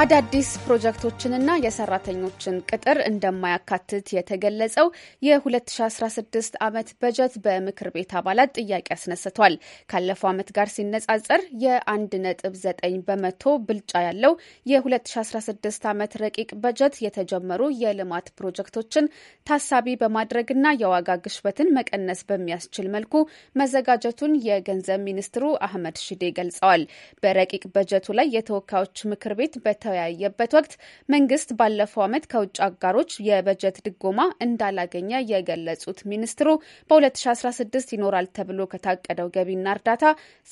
አዳዲስ ፕሮጀክቶችንና የሰራተኞችን ቅጥር እንደማያካትት የተገለጸው የ2016 ዓመት በጀት በምክር ቤት አባላት ጥያቄ አስነስቷል። ካለፈው ዓመት ጋር ሲነጻጸር የ1.9 በመቶ ብልጫ ያለው የ2016 ዓመት ረቂቅ በጀት የተጀመሩ የልማት ፕሮጀክቶችን ታሳቢ በማድረግና የዋጋ ግሽበትን መቀነስ በሚያስችል መልኩ መዘጋጀቱን የገንዘብ ሚኒስትሩ አህመድ ሽዴ ገልጸዋል። በረቂቅ በጀቱ ላይ የተወካዮች ምክር ቤት በተወያየበት ወቅት መንግስት ባለፈው ዓመት ከውጭ አጋሮች የበጀት ድጎማ እንዳላገኘ የገለጹት ሚኒስትሩ በ2016 ይኖራል ተብሎ ከታቀደው ገቢና እርዳታ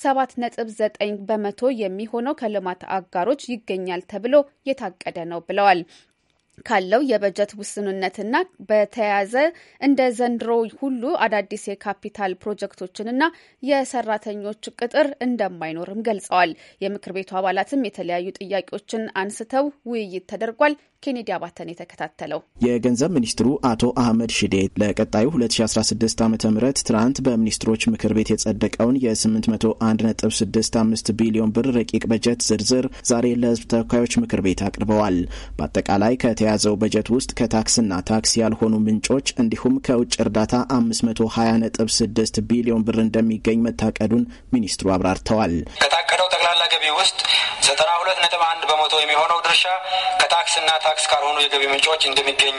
7.9 በመቶ የሚሆነው ከልማት አጋሮች ይገኛል ተብሎ የታቀደ ነው ብለዋል። ካለው የበጀት ውስንነትና በተያያዘ እንደ ዘንድሮ ሁሉ አዳዲስ የካፒታል ፕሮጀክቶችንና የሰራተኞች ቅጥር እንደማይኖርም ገልጸዋል። የምክር ቤቱ አባላትም የተለያዩ ጥያቄዎችን አንስተው ውይይት ተደርጓል። ኬኔዲ አባተን የተከታተለው የገንዘብ ሚኒስትሩ አቶ አህመድ ሽዴ ለቀጣዩ 2016 ዓ ም ትናንት በሚኒስትሮች ምክር ቤት የጸደቀውን የ 8165 ቢሊዮን ብር ረቂቅ በጀት ዝርዝር ዛሬ ለህዝብ ተወካዮች ምክር ቤት አቅርበዋል። በአጠቃላይ ከ በተያዘው በጀት ውስጥ ከታክስና ታክስ ያልሆኑ ምንጮች እንዲሁም ከውጭ እርዳታ 520.6 ቢሊዮን ብር እንደሚገኝ መታቀዱን ሚኒስትሩ አብራርተዋል። ከታቀደው ጠቅላላ ገቢ ውስጥ 92.1 በመቶ የሚሆነው ድርሻ ከታክስና ታክስ ካልሆኑ የገቢ ምንጮች እንደሚገኝ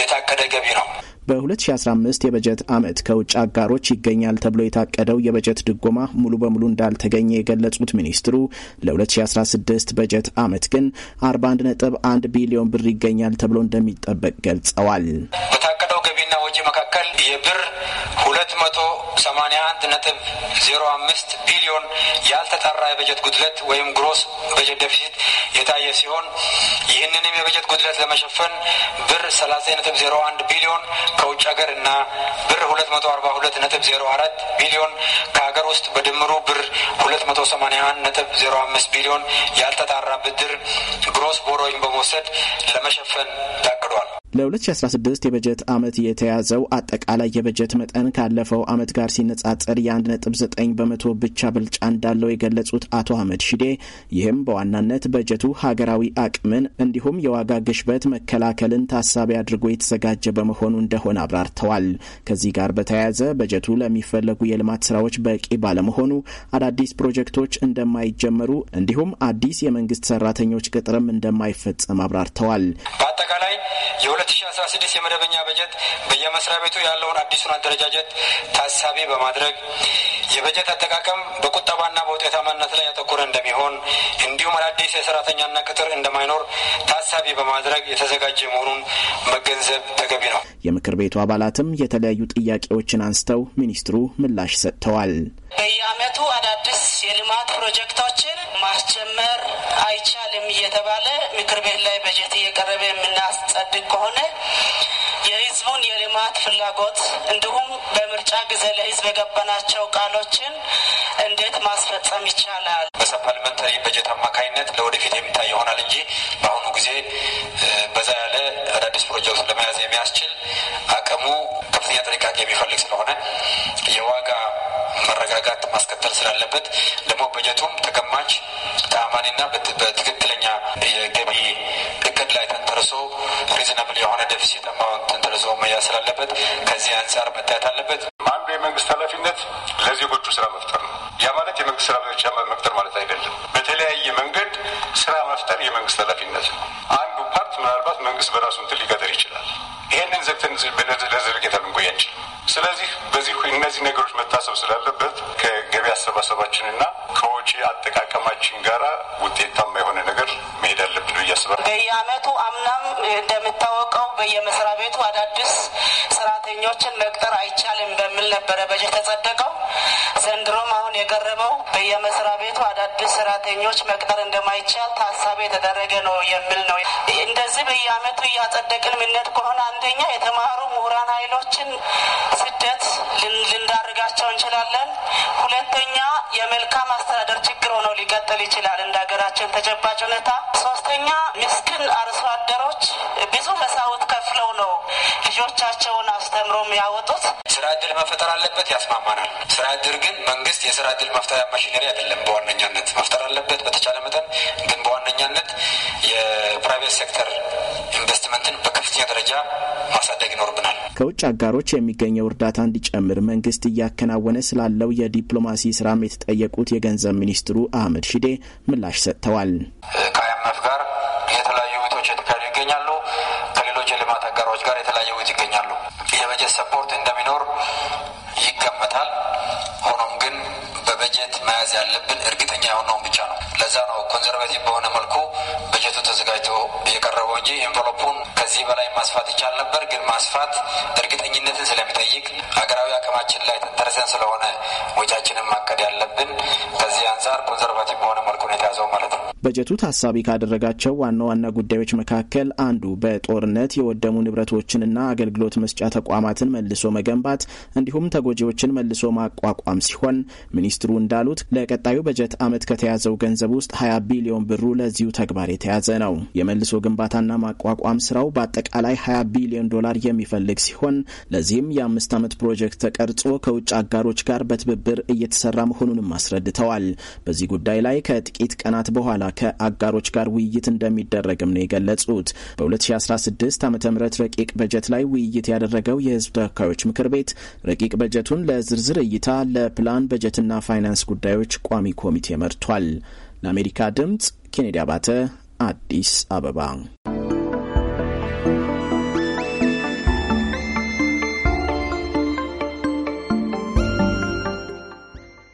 የታቀደ ገቢ ነው። በ2015 የበጀት ዓመት ከውጭ አጋሮች ይገኛል ተብሎ የታቀደው የበጀት ድጎማ ሙሉ በሙሉ እንዳልተገኘ የገለጹት ሚኒስትሩ ለ2016 በጀት ዓመት ግን 41.1 ቢሊዮን ብር ይገኛል ተብሎ እንደሚጠበቅ ገልጸዋል። ወጪ መካከል የብር 281.05 ቢሊዮን ያልተጣራ የበጀት ጉድለት ወይም ግሮስ በጀት ደፊሲት የታየ ሲሆን ይህንንም የበጀት ጉድለት ለመሸፈን ብር 30.01 ቢሊዮን ከውጭ ሀገር እና ብር 242.04 ቢሊዮን ከሀገር ውስጥ በድምሩ ብር 281.05 ቢሊዮን ያልተጣራ ብድር ግሮስ ቦሮዊን በመውሰድ ለመሸፈን ታቅዷል። ለ2016 የበጀት ዓመት የተያዘው አጠቃላይ የበጀት መጠን ካለፈው ዓመት ጋር ሲነጻጸር የ1.9 በመቶ ብቻ ብልጫ እንዳለው የገለጹት አቶ አህመድ ሺዴ ይህም በዋናነት በጀቱ ሀገራዊ አቅምን እንዲሁም የዋጋ ግሽበት መከላከልን ታሳቢ አድርጎ የተዘጋጀ በመሆኑ እንደሆነ አብራርተዋል። ከዚህ ጋር በተያያዘ በጀቱ ለሚፈለጉ የልማት ስራዎች በቂ ባለመሆኑ አዳዲስ ፕሮጀክቶች እንደማይጀመሩ እንዲሁም አዲስ የመንግስት ሰራተኞች ቅጥርም እንደማይፈጸም አብራርተዋል። በአጠቃላይ የ2016 የመደበኛ በጀት በየመስሪያ ቤቱ ያለውን አዲሱን አደረጃጀት ታሳቢ በማድረግ የበጀት አጠቃቀም በቁጠባና በውጤታማነት ላይ ያተኮረ እንደሚሆን እንዲሁም አዳዲስ የሰራተኛና ቅጥር እንደማይኖር ታሳቢ በማድረግ የተዘጋጀ መሆኑን መገንዘብ ተገቢ ነው። የምክር ቤቱ አባላትም የተለያዩ ጥያቄዎችን አንስተው ሚኒስትሩ ምላሽ ሰጥተዋል። በየአመቱ አዳዲስ የልማት ፕሮጀክቶችን ማስጀመር አይቻልም እየተባለ ምክር ቤት ላይ በጀት እየቀረበ የምናስጸድቅ ከሆነ የህዝቡን የልማት ፍላጎት እንዲሁም በምርጫ ጊዜ ለህዝብ የገባናቸው ቃሎችን እንዴት ማስፈጸም ይቻላል? በሰፕሊመንተሪ በጀት አማካኝነት ለወደፊት የሚታይ ይሆናል እንጂ በአሁኑ ጊዜ በዛ ያለ አዳዲስ ፕሮጀክት ለመያዝ የሚያስችል አቅሙ ከፍተኛ ጥንቃቄ የሚፈልግ ስለሆነ የዋጋ መረጋጋት ማስከተል ስላለበት ደግሞ በጀቱም ተገማች ተአማኒና በትክክለኛ የገቢ እቅድ ላይ ተንተርሶ ሪዝናብል የሆነ ዴፊሲት ተንተርሶ መያዝ ስላለበት ከዚህ አንጻር መታየት አለበት። አንዱ የመንግስት ኃላፊነት ለዜጎቹ ስራ መፍጠር ነው። ያ ማለት የመንግስት ስራ ብቻ መፍጠር ማለት አይደለም። በተለያየ መንገድ ስራ መፍጠር የመንግስት ኃላፊነት ነው። አንዱ ፓርት ምናልባት መንግስት በራሱ እንትን ሊቀጥር ይችላል። ይህንን ዘግተን ለዘርጌታ ልንቆይ አንችልም። ስለዚህ እነዚህ ነገሮች መታሰብ ስላለበት ከገቢ አሰባሰባችንና ከውጪ አጠቃቀማችን ጋር ውጤታማ የሆነ ነገር መሄድ አለብን ብዬ አስባለሁ። በየአመቱ አምናም እንደሚታወቀው በየመስሪያ ቤቱ አዳዲስ ሰራተኞችን መቅጠር አይቻልም በሚል ነበረ በጀት ተጸደቀው ዘንድሮ አሁን የቀረበው በየመስሪያ ቤቱ አዳዲስ ሰራተኞች መቅጠር እንደማይቻል ታሳቢ የተደረገ ነው የሚል ነው። እንደዚህ በየአመቱ እያጸደቅን ምነት ከሆነ አንደኛ የተማሩ ምሁራን ኃይሎችን ስደት ልንዳርጋቸው እንችላለን። ሁለተኛ የመልካም አስተዳደር ችግር ሆኖ ሊቀጥል ይችላል እንደ ሀገራችን ተጨባጭ ሁኔታ። ሶስተኛ ምስክን አርሶ አደሮች ብዙ መሳውት ልጆቻቸውን አስተምሮም የሚያወጡት ስራ እድል መፈጠር አለበት። ያስማማናል። ስራ እድል ግን መንግስት የስራ እድል መፍጠሪያ ማሽነሪ አይደለም። በዋነኛነት መፍጠር አለበት በተቻለ መጠን ግን በዋነኛነት የፕራይቬት ሴክተር ኢንቨስትመንትን በከፍተኛ ደረጃ ማሳደግ ይኖርብናል። ከውጭ አጋሮች የሚገኘው እርዳታ እንዲጨምር መንግስት እያከናወነ ስላለው የዲፕሎማሲ ስራም የተጠየቁት የገንዘብ ሚኒስትሩ አህመድ ሺዴ ምላሽ ሰጥተዋል። ከአይኤምኤፍ ጋር የተለያዩ ውይይቶች የተካሄዱ ይገኛሉ። ከልማት አጋሮች ጋር የተለያየ ውይይት ይገኛሉ። የበጀት ሰፖርት እንደሚኖር ይገመታል። ሆኖም ግን በበጀት መያዝ ያለብን እርግጠኛ የሆነውን ብቻ ነው። ለዛ ነው ኮንዘርቫቲቭ በሆነ መልኩ በጀቱ ተዘጋጅቶ የቀረበው እንጂ ኤንቨሎፑን ከዚህ በላይ ማስፋት ይቻል ነበር። ግን ማስፋት እርግጠኝነትን ስለሚጠይቅ ሀገራዊ አቅማችን ላይ ተንተርሰን ስለሆነ ወጫችንን ማቀድ ያለብን ከዚህ አንጻር ኮንዘርቫቲቭ በሆነ መልኩ ነው የተያዘው ማለት ነው። በጀቱ ታሳቢ ካደረጋቸው ዋና ዋና ጉዳዮች መካከል አንዱ በጦርነት የወደሙ ንብረቶችንና አገልግሎት መስጫ ተቋማትን መልሶ መገንባት እንዲሁም ተጎጂዎችን መልሶ ማቋቋም ሲሆን ሚኒስትሩ እንዳሉት ለቀጣዩ በጀት ዓመት ከተያዘው ገንዘብ ውስጥ 20 ቢሊዮን ብሩ ለዚሁ ተግባር የተያዘ ነው። የመልሶ ግንባታና ማቋቋም ስራው በአጠቃላይ 20 ቢሊዮን ዶላር የሚፈልግ ሲሆን ለዚህም የአምስት ዓመት ፕሮጀክት ተቀርጾ ከውጭ አጋሮች ጋር በትብብር እየተሰራ መሆኑንም አስረድተዋል። በዚህ ጉዳይ ላይ ከጥቂት ቀናት በኋላ ከአጋሮች ጋር ውይይት እንደሚደረግም ነው የገለጹት። በ2016 ዓ ም ረቂቅ በጀት ላይ ውይይት ያደረገው የህዝብ ተወካዮች ምክር ቤት ረቂቅ በጀቱን ለዝርዝር እይታ ለፕላን በጀትና ፋይናንስ ጉዳዮች ቋሚ ኮሚቴ መርቷል። ለአሜሪካ ድምፅ ኬኔዲ አባተ አዲስ አበባ